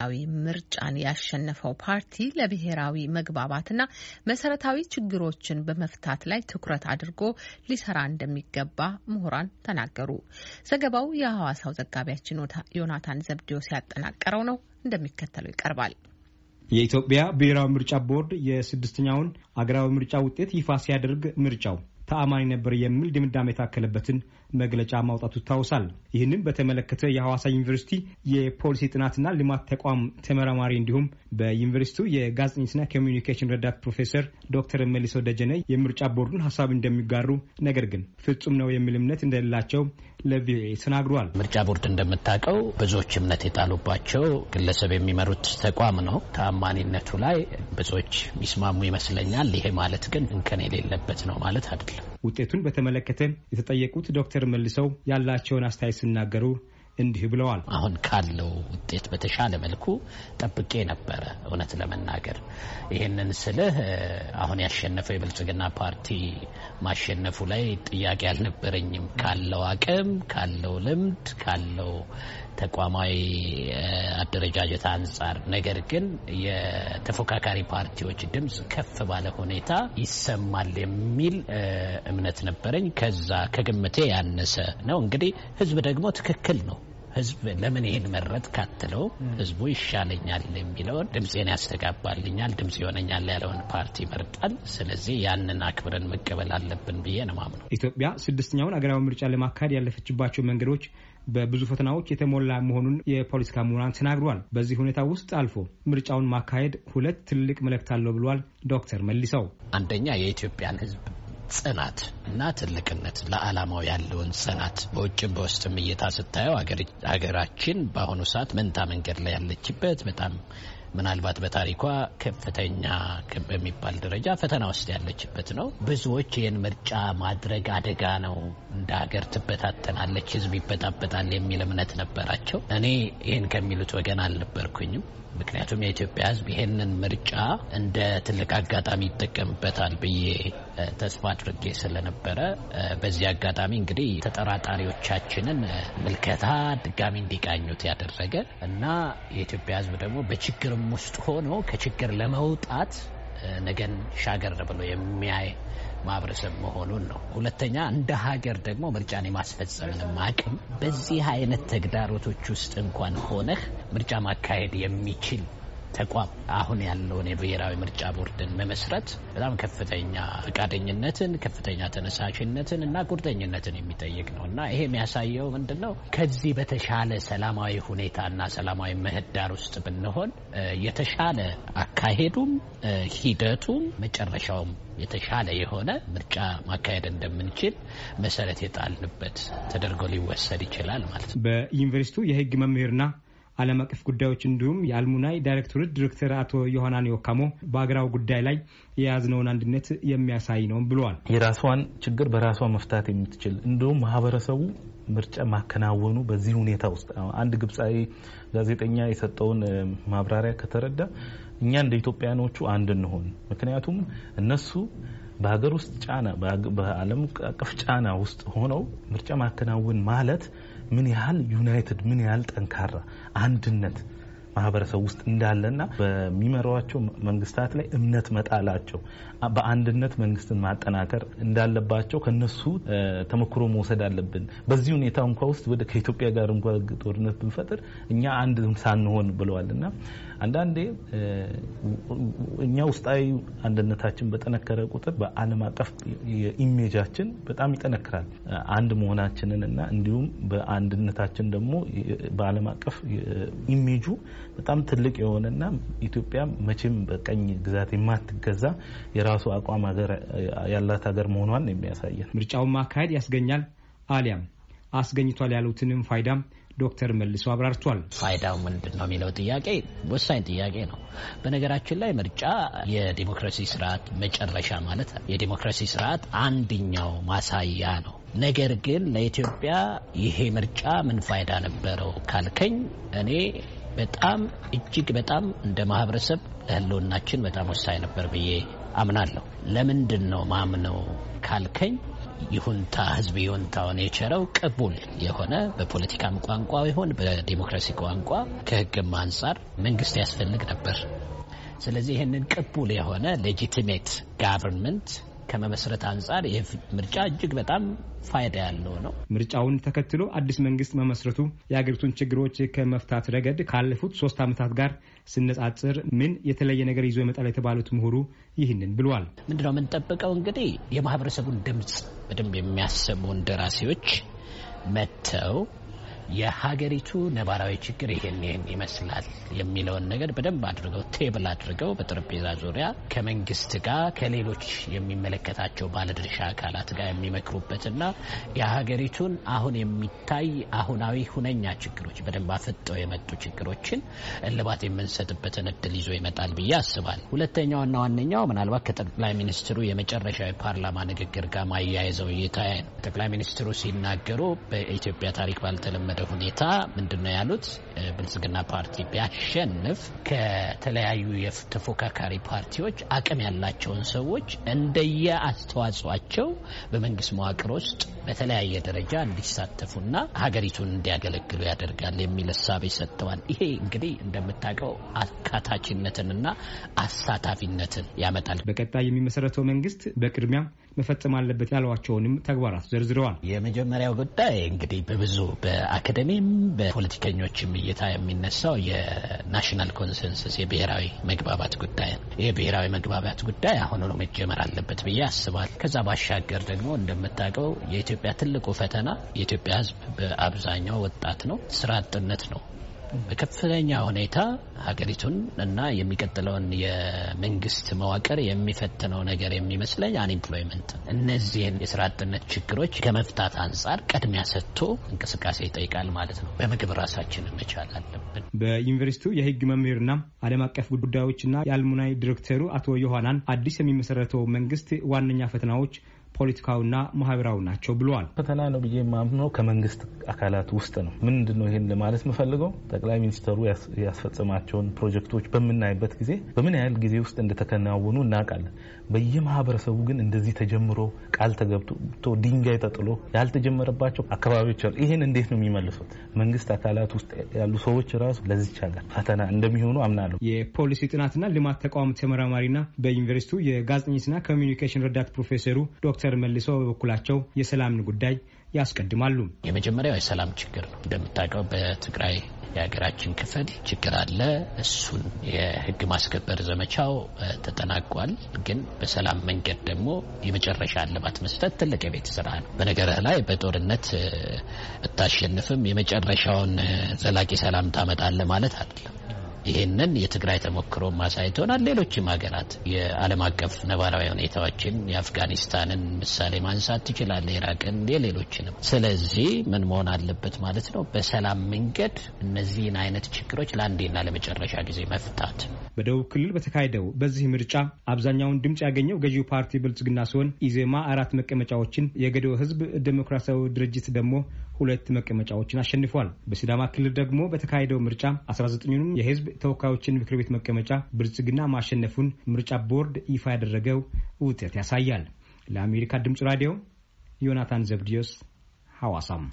ብሔራዊ ምርጫን ያሸነፈው ፓርቲ ለብሔራዊ መግባባትና መሰረታዊ ችግሮችን በመፍታት ላይ ትኩረት አድርጎ ሊሰራ እንደሚገባ ምሁራን ተናገሩ። ዘገባው የሐዋሳው ዘጋቢያችን ዮናታን ዘብዲዮ ሲያጠናቀረው ነው፣ እንደሚከተለው ይቀርባል። የኢትዮጵያ ብሔራዊ ምርጫ ቦርድ የስድስተኛውን አገራዊ ምርጫ ውጤት ይፋ ሲያደርግ ምርጫው ተአማኒ ነበር የሚል ድምዳሜ የታከለበትን መግለጫ ማውጣቱ ይታወሳል። ይህንን በተመለከተ የሐዋሳ ዩኒቨርሲቲ የፖሊሲ ጥናትና ልማት ተቋም ተመራማሪ እንዲሁም በዩኒቨርሲቲው የጋዜጠኝነትና ኮሚኒኬሽን ረዳት ፕሮፌሰር ዶክተር መልሶ ደጀነ የምርጫ ቦርዱን ሀሳብ እንደሚጋሩ ነገር ግን ፍጹም ነው የሚል እምነት እንደሌላቸው ለቪኦኤ ተናግሯል። ምርጫ ቦርድ እንደምታውቀው ብዙዎች እምነት የጣሉባቸው ግለሰብ የሚመሩት ተቋም ነው። ተአማኒነቱ ላይ ብዙዎች የሚስማሙ ይመስለኛል። ይሄ ማለት ግን እንከን የሌለበት ነው ማለት አይደለም። ውጤቱን በተመለከተ የተጠየቁት ዶክተር መልሰው ያላቸውን አስተያየት ሲናገሩ እንዲህ ብለዋል። አሁን ካለው ውጤት በተሻለ መልኩ ጠብቄ ነበረ። እውነት ለመናገር ይህንን ስልህ አሁን ያሸነፈው የብልጽግና ፓርቲ ማሸነፉ ላይ ጥያቄ አልነበረኝም። ካለው አቅም፣ ካለው ልምድ፣ ካለው ተቋማዊ አደረጃጀት አንጻር ነገር ግን የተፎካካሪ ፓርቲዎች ድምፅ ከፍ ባለ ሁኔታ ይሰማል የሚል እምነት ነበረኝ። ከዛ ከግምቴ ያነሰ ነው። እንግዲህ ህዝብ ደግሞ ትክክል ነው ህዝብ ለምን ይህን መረጥ ካትለው ህዝቡ ይሻለኛል የሚለውን ድምፄን ያስተጋባልኛል፣ ድምፅ ይሆነኛል ያለውን ፓርቲ ይመርጣል። ስለዚህ ያንን አክብረን መቀበል አለብን ብዬ ነው ማምነው። ኢትዮጵያ ስድስተኛውን አገራዊ ምርጫ ለማካሄድ ያለፈችባቸው መንገዶች በብዙ ፈተናዎች የተሞላ መሆኑን የፖለቲካ ምሁራን ተናግሯል። በዚህ ሁኔታ ውስጥ አልፎ ምርጫውን ማካሄድ ሁለት ትልቅ መልእክት አለው ብሏል ዶክተር መልሰው። አንደኛ የኢትዮጵያን ህዝብ ጽናት እና ትልቅነት ለዓላማው ያለውን ጽናት በውጭም በውስጥም እይታ ስታየው ሀገራችን በአሁኑ ሰዓት መንታ መንገድ ላይ ያለችበት በጣም ምናልባት በታሪኳ ከፍተኛ በሚባል ደረጃ ፈተና ውስጥ ያለችበት ነው። ብዙዎች ይህን ምርጫ ማድረግ አደጋ ነው፣ እንደ ሀገር ትበታተናለች፣ ህዝብ ይበጣበጣል የሚል እምነት ነበራቸው። እኔ ይህን ከሚሉት ወገን አልነበርኩኝም። ምክንያቱም የኢትዮጵያ ህዝብ ይህንን ምርጫ እንደ ትልቅ አጋጣሚ ይጠቀምበታል ብዬ ተስፋ አድርጌ ስለነበረ በዚህ አጋጣሚ እንግዲህ ተጠራጣሪዎቻችንን ምልከታ ድጋሚ እንዲቃኙት ያደረገ እና የኢትዮጵያ ሕዝብ ደግሞ በችግርም ውስጥ ሆኖ ከችግር ለመውጣት ነገን ሻገር ብሎ የሚያይ ማህበረሰብ መሆኑን ነው። ሁለተኛ እንደ ሀገር ደግሞ ምርጫን የማስፈጸምንም አቅም በዚህ አይነት ተግዳሮቶች ውስጥ እንኳን ሆነህ ምርጫ ማካሄድ የሚችል ተቋም አሁን ያለውን የብሔራዊ ምርጫ ቦርድን መመስረት በጣም ከፍተኛ ፈቃደኝነትን፣ ከፍተኛ ተነሳሽነትን እና ቁርጠኝነትን የሚጠይቅ ነው እና ይሄ የሚያሳየው ምንድን ነው ከዚህ በተሻለ ሰላማዊ ሁኔታና ሰላማዊ ምህዳር ውስጥ ብንሆን የተሻለ አካሄዱም ሂደቱም መጨረሻውም የተሻለ የሆነ ምርጫ ማካሄድ እንደምንችል መሰረት የጣልንበት ተደርጎ ሊወሰድ ይችላል ማለት ነው። በዩኒቨርሲቲው የህግ መምህርና ዓለም አቀፍ ጉዳዮች እንዲሁም የአልሙናይ ዳይሬክቶሬት ዲሬክተር አቶ ዮሐናን ዮካሞ በአገራዊ ጉዳይ ላይ የያዝነውን አንድነት የሚያሳይ ነው ብለዋል። የራሷን ችግር በራሷ መፍታት የምትችል እንዲሁም ማህበረሰቡ ምርጫ ማከናወኑ በዚህ ሁኔታ ውስጥ አንድ ግብፃዊ ጋዜጠኛ የሰጠውን ማብራሪያ ከተረዳ እኛ እንደ ኢትዮጵያኖቹ አንድ እንሆን። ምክንያቱም እነሱ በሀገር ውስጥ ጫና በዓለም አቀፍ ጫና ውስጥ ሆነው ምርጫ ማከናወን ማለት ምን ያህል ዩናይትድ ምን ያህል ጠንካራ አንድነት ማህበረሰብ ውስጥ እንዳለና በሚመሯቸው መንግስታት ላይ እምነት መጣላቸው በአንድነት መንግስትን ማጠናከር እንዳለባቸው ከነሱ ተሞክሮ መውሰድ አለብን። በዚህ ሁኔታ እንኳ ውስጥ ወደ ከኢትዮጵያ ጋር እንኳ ጦርነት ብንፈጥር እኛ አንድ ሳንሆን ብለዋል እና አንዳንዴ እኛ ውስጣዊ አንድነታችን በጠነከረ ቁጥር በዓለም አቀፍ ኢሜጃችን በጣም ይጠነክራል። አንድ መሆናችንን እና እንዲሁም በአንድነታችን ደግሞ በዓለም አቀፍ ኢሜጁ በጣም ትልቅ የሆነና ኢትዮጵያ መቼም በቀኝ ግዛት የማትገዛ የራሱ አቋም ያላት ሀገር መሆኗን የሚያሳየን ምርጫውን ማካሄድ ያስገኛል አሊያም አስገኝቷል ያሉትንም ፋይዳም ዶክተር መልሶ አብራርቷል። ፋይዳው ምንድን ነው የሚለው ጥያቄ ወሳኝ ጥያቄ ነው። በነገራችን ላይ ምርጫ የዲሞክራሲ ስርዓት መጨረሻ ማለት የዲሞክራሲ ስርዓት አንድኛው ማሳያ ነው። ነገር ግን ለኢትዮጵያ ይሄ ምርጫ ምን ፋይዳ ነበረው ካልከኝ እኔ በጣም እጅግ በጣም እንደ ማህበረሰብ ለህልውናችን በጣም ወሳኝ ነበር ብዬ አምናለሁ። ለምንድን ነው ማምነው ካልከኝ ይሁንታ ህዝብ ይሁንታውን የቸረው ቅቡል የሆነ በፖለቲካም ቋንቋ ይሁን በዲሞክራሲ ቋንቋ ከህግም አንጻር መንግስት ያስፈልግ ነበር። ስለዚህ ይህንን ቅቡል የሆነ ሌጂቲሜት ጋቨርንመንት ከመመስረት አንጻር ይህ ምርጫ እጅግ በጣም ፋይዳ ያለው ነው። ምርጫውን ተከትሎ አዲስ መንግስት መመስረቱ የአገሪቱን ችግሮች ከመፍታት ረገድ ካለፉት ሶስት ዓመታት ጋር ስነጻጽር ምን የተለየ ነገር ይዞ ይመጣል የተባሉት ምሁሩ ይህንን ብሏል። ምንድነው የምንጠብቀው? እንግዲህ የማህበረሰቡን ድምፅ በደንብ የሚያሰሙ እንደራሴዎች መጥተው የሀገሪቱ ነባራዊ ችግር ይሄን ይህን ይመስላል የሚለውን ነገር በደንብ አድርገው ቴብል አድርገው በጠረጴዛ ዙሪያ ከመንግስት ጋር ከሌሎች የሚመለከታቸው ባለድርሻ አካላት ጋር የሚመክሩበትና የሀገሪቱን አሁን የሚታይ አሁናዊ ሁነኛ ችግሮች በደንብ አፈጠው የመጡ ችግሮችን እልባት የምንሰጥበትን እድል ይዞ ይመጣል ብዬ አስባል። ሁለተኛውና ዋነኛው ምናልባት ከጠቅላይ ሚኒስትሩ የመጨረሻ የፓርላማ ንግግር ጋር ማያይዘው እይታ ነው። ጠቅላይ ሚኒስትሩ ሲናገሩ በኢትዮጵያ ታሪክ ባልተለመደ በተለመደ ሁኔታ ምንድነው ያሉት ብልጽግና ፓርቲ ቢያሸንፍ ከተለያዩ ተፎካካሪ ፓርቲዎች አቅም ያላቸውን ሰዎች እንደየ አስተዋጽኦቸው በመንግስት መዋቅር ውስጥ በተለያየ ደረጃ እንዲሳተፉና ሀገሪቱን እንዲያገለግሉ ያደርጋል የሚል እሳቤ ሰጥተዋል። ይሄ እንግዲህ እንደምታውቀው አካታችነትንና አሳታፊነትን ያመጣል። በቀጣይ የሚመሰረተው መንግስት በቅድሚያ መፈጸም አለበት ያሏቸውንም ተግባራት ዘርዝረዋል። የመጀመሪያው ጉዳይ እንግዲህ በብዙ በአካደሚም በፖለቲከኞችም እይታ የሚነሳው የናሽናል ኮንሰንሰስ የብሔራዊ መግባባት ጉዳይ ነው። ይህ ብሔራዊ መግባባት ጉዳይ አሁኑ ነው መጀመር አለበት ብዬ አስባል። ከዛ ባሻገር ደግሞ እንደምታውቀው የኢትዮጵያ ትልቁ ፈተና የኢትዮጵያ ሕዝብ በአብዛኛው ወጣት ነው። ስራ አጥነት ነው በከፍተኛ ሁኔታ ሀገሪቱን እና የሚቀጥለውን የመንግስት መዋቅር የሚፈትነው ነገር የሚመስለኝ አንኤምፕሎይመንት፣ እነዚህን የስራ አጥነት ችግሮች ከመፍታት አንጻር ቅድሚያ ሰጥቶ እንቅስቃሴ ይጠይቃል ማለት ነው። በምግብ ራሳችን መቻል አለብን። በዩኒቨርሲቲው የህግ መምህርና ዓለም አቀፍ ጉዳዮችና የአልሙናይ ዲሬክተሩ አቶ ዮሐናን አዲስ የሚመሰረተው መንግስት ዋነኛ ፈተናዎች ፖለቲካውና ማህበራዊ ናቸው ብለዋል። ፈተና ነው ብዬ የማምነው ከመንግስት አካላት ውስጥ ነው። ምንድን ነው ይህን ለማለት የምፈልገው ጠቅላይ ሚኒስትሩ ያስፈጸማቸውን ፕሮጀክቶች በምናይበት ጊዜ በምን ያህል ጊዜ ውስጥ እንደተከናወኑ እናውቃለን። በየማህበረሰቡ ግን እንደዚህ ተጀምሮ ቃል ተገብቶ ድንጋይ ተጥሎ ያልተጀመረባቸው አካባቢዎች አሉ። ይህን እንዴት ነው የሚመልሱት? መንግስት አካላት ውስጥ ያሉ ሰዎች ራሱ ለዚች ሀገር ፈተና እንደሚሆኑ አምናለሁ። የፖሊሲ ጥናትና ልማት ተቋም ተመራማሪና በዩኒቨርሲቲው የጋዜጠኝነትና ኮሚኒኬሽን ረዳት ፕሮፌሰሩ ዶክተር መልሶ በበኩላቸው የሰላምን ጉዳይ ያስቀድማሉ። የመጀመሪያው የሰላም ችግር ነው። እንደምታውቀው በትግራይ የሀገራችን ክፍል ችግር አለ። እሱን የህግ ማስከበር ዘመቻው ተጠናቋል። ግን በሰላም መንገድ ደግሞ የመጨረሻ እልባት መስጠት ትልቅ የቤት ስራ ነው። በነገርህ ላይ በጦርነት ብታሸንፍም የመጨረሻውን ዘላቂ ሰላም ታመጣለህ ማለት አይደለም። ይህንን የትግራይ ተሞክሮ ማሳየት ሆናል። ሌሎችም ሀገራት የዓለም አቀፍ ነባራዊ ሁኔታዎችን የአፍጋኒስታንን ምሳሌ ማንሳት ትችላለ፣ ኢራቅን፣ የሌሎችንም። ስለዚህ ምን መሆን አለበት ማለት ነው? በሰላም መንገድ እነዚህን አይነት ችግሮች ለአንዴና ለመጨረሻ ጊዜ መፍታት። በደቡብ ክልል በተካሄደው በዚህ ምርጫ አብዛኛውን ድምፅ ያገኘው ገዢው ፓርቲ ብልጽግና ሲሆን ኢዜማ አራት መቀመጫዎችን የገዶ ህዝብ ዴሞክራሲያዊ ድርጅት ደግሞ ሁለት መቀመጫዎችን አሸንፏል። በሲዳማ ክልል ደግሞ በተካሄደው ምርጫ 19ኙንም የህዝብ ተወካዮችን ምክር ቤት መቀመጫ ብልጽግና ማሸነፉን ምርጫ ቦርድ ይፋ ያደረገው ውጤት ያሳያል። ለአሜሪካ ድምፅ ራዲዮ ዮናታን ዘብዲዮስ ሐዋሳም